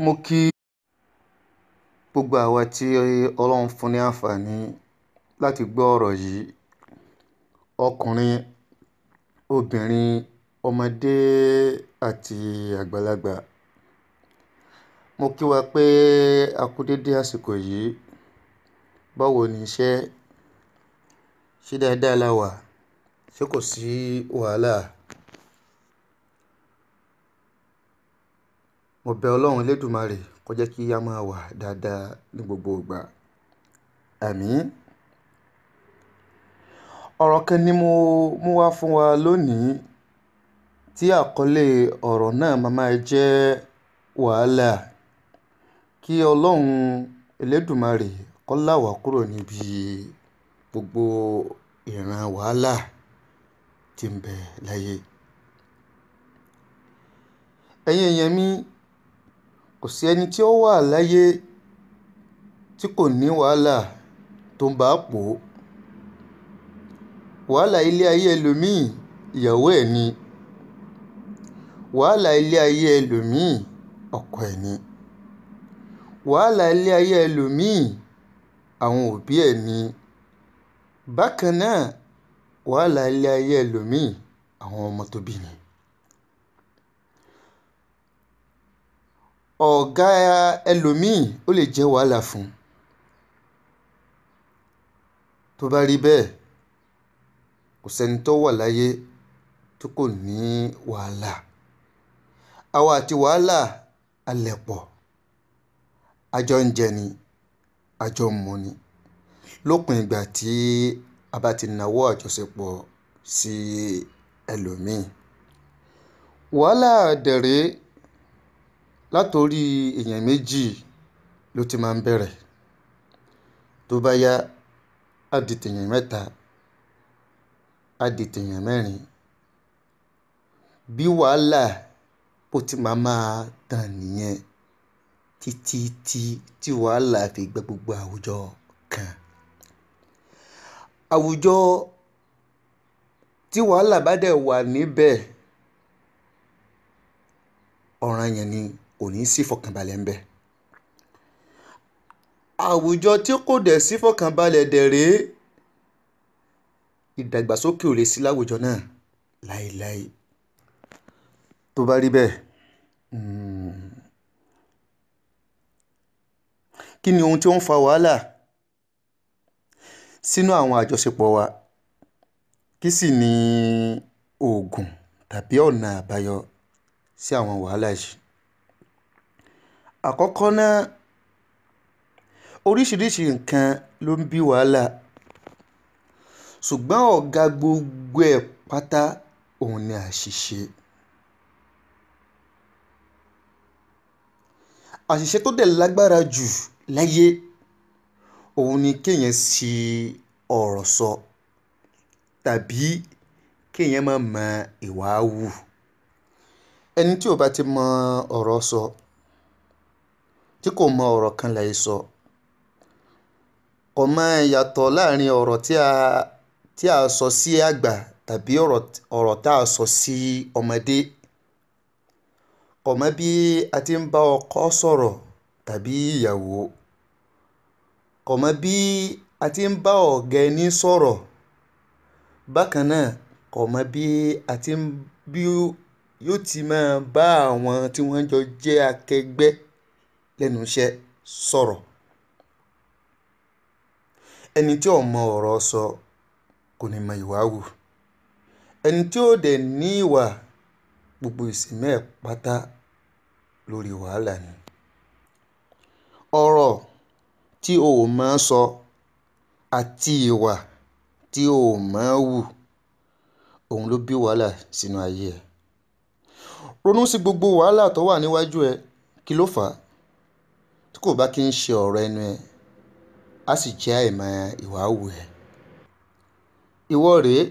mo kí gbogbo àwa tí ọlọ́run fún ní àǹfààní láti gbọ́ ọ̀rọ̀ yìí ọkùnrin obìnrin ọmọdé àti àgbàlagbà mo kí wa pé a kú dédé àsìkò yìí báwo ni iṣẹ́ ṣe dáadáa la wà ṣé kò sí wàhálà mo bẹ ọlọ́run elédùmarè kó jẹ́ kí a máa wà dáadáa ní gbogbo ìgbà àmín ọ̀rọ̀ kan ni mo mú wá fún wa lónìí tí àkọlé ọ̀rọ̀ náà máa jẹ́ wàhálà kí ọlọ́run elédùmarè kó là wá kúrò níbi gbogbo ìran wàhálà tí ń bẹ láyé ẹ̀yin èèyàn mi kò sí ẹni tó wà láyé tí kò ní wàhálà tó ń bá a pọ̀ wàhálà ilé ayé ẹlòmí ìyàwó ẹ̀ ni wàhálà ilé ayé ẹlòmí-ín ọkọ ẹ̀ ni wàhálà ilé ayé ẹlòmí-ín àwọn òbí ẹ̀ ni bákan náà wàhálà ilé ayé ẹlòmí àwọn ọmọ tó ni. ọ̀gá ẹlòmí-ín ò lè jẹ́ wàhálà fún un tó bá rí bẹ́ẹ̀ kò sẹ́ni tó wà láyé tí kò ní wàhálà àwa àti wàhálà alẹ̀ pọ̀ àjọ ń jẹ ni àjọ ń mu ni lópin ìgbà tí a bá ti nawọ́ àjọṣepọ̀ sí ẹlòmíì wàhálà dẹ̀rẹ́ látòrí èèyàn méjì ló ti máa ń bẹ̀rẹ̀ tó bá yá á di tèèyàn mẹ́ta á di tèèyàn mẹ́rin bí wàhálà ó ti máa máa tàn nìyẹn títí tí tí wàhálà fi gba gbogbo àwùjọ kan àwùjọ tí wàhálà bá dẹ̀ wà níbẹ̀ ọ̀ràn yẹn ni kò ní sí ìfọ̀kànbalẹ̀ ńbẹ̀ àwùjọ tí kò dẹ̀ sí ìfọ̀kànbalẹ̀ dẹ̀ rèé ìdàgbàsókè ò lè sí láwùjọ náà láéláé tó bá rí bẹ́ẹ̀ hmm, kí ni ohun tí ó ń fa wàhálà sínú àwọn àjọṣepọ̀ wa kí sì ni oògùn tàbí ọ̀nà àbáyọ sí àwọn wàhálà yìí àkọ́kọ́ ná oríṣiríṣiì nǹkan ló ń bí wàhálà ṣùgbọ́n ọ̀gá gbogbo ẹ̀ pátá òun ni àṣìṣe àṣìṣe tó dẹ̀ lágbára jù láyé òun ni kéèyàn ṣi ọ̀rọ̀ sọ tàbí kéèyàn má mọ ìwà hù ẹni tí ò bá ti mọ ọ̀rọ̀ sọ tí kò mọ ọ̀rọ̀ kan là sọ kò mọ ìyàtọ̀ láàrin ọ̀rọ̀ tí a sọ sí àgbà tàbí ọ̀rọ̀ tá a sọ sí ọmọdé kò mọ bí a ti ń bá ọkọ sọ̀rọ̀ tàbí ìyàwó kò mọ bí a ti ń bá ọ̀gá ẹni sọ̀rọ̀ bákan náà kò mọ a ti ń bí yóò ti máa bá àwọn tí lẹ́nu iṣẹ́ sọ̀rọ̀ ẹni tí ò mọ ọ̀rọ̀ sọ kò ní mọ ìwà hù ẹni tí ò dẹ̀ ní ìwà gbogbo ìsinmi ẹ̀ pátá lórí wàhálà ni ọ̀rọ̀ tí o ò mọ̀ sọ àti ìwà tí o ò mọ̀ hù òun ló bí wàhálà sínú ayé ẹ̀ ronú sí gbogbo wàhálà tó wà níwájú ẹ kí ló fà á tí kò bá kí n ṣe ọ̀rọ̀ ẹnu ẹ á sì jẹ́ àìmọ̀ ìwà hù ẹ̀ ìwọ rèé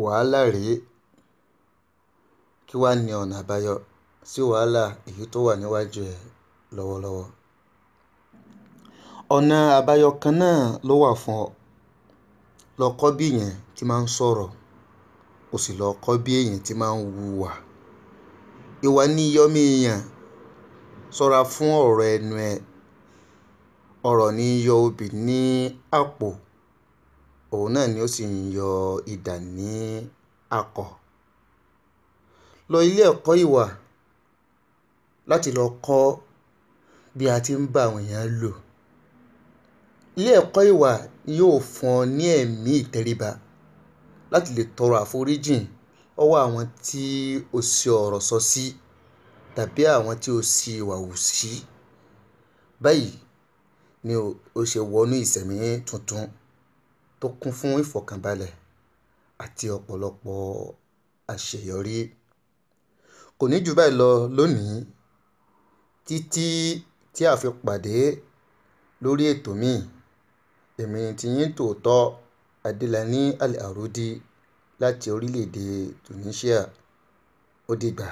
wàhálà rèé kí wàá ní ọ̀nà àbáyọ sí wàhálà èyí tó wà níwájú ẹ lọ́wọ́lọ́wọ́ ọ̀nà àbáyọ kan náà ló wà fún ọ lọ kọ́ bí èèyàn ti máa ń o sì lọ kọ́ bí èèyàn ti máa ń ìwà èèyàn ṣọ́ra fún ọ̀rọ̀ ẹnu ẹ̀ ọ̀rọ̀ ní í yọ obì ní àpò òun náà ni ó sì ń yọ idà ní akọ̀ lọ ilé ẹ̀kọ́ ìwà láti lọ kọ́ bí a ti ń bá àwọn èèyàn lò ilé ẹ̀kọ́ ìwà yóò fún ọ ní ẹ̀mí ìtẹríba láti lè tọrọ àforíjìn ọwọ́ àwọn tí o ṣe ọ̀rọ̀ sọ sí. Si tàbí àwọn tí o sì wà hù sí. Báyìí ni o ṣe wọnú ìsẹ̀mí tuntun tó kún fún ìfọ̀kànbalẹ̀ àti ọ̀pọ̀lọpọ̀ àṣeyọrí. Kò ní jù báyìí lọ lónìí títí tí a fi pàdé lórí ètò míì. Èmi ni tiyín tòótọ́ Adélaní Al-Arudi láti orílẹ̀-èdè Tunisia. Ó dìgbà.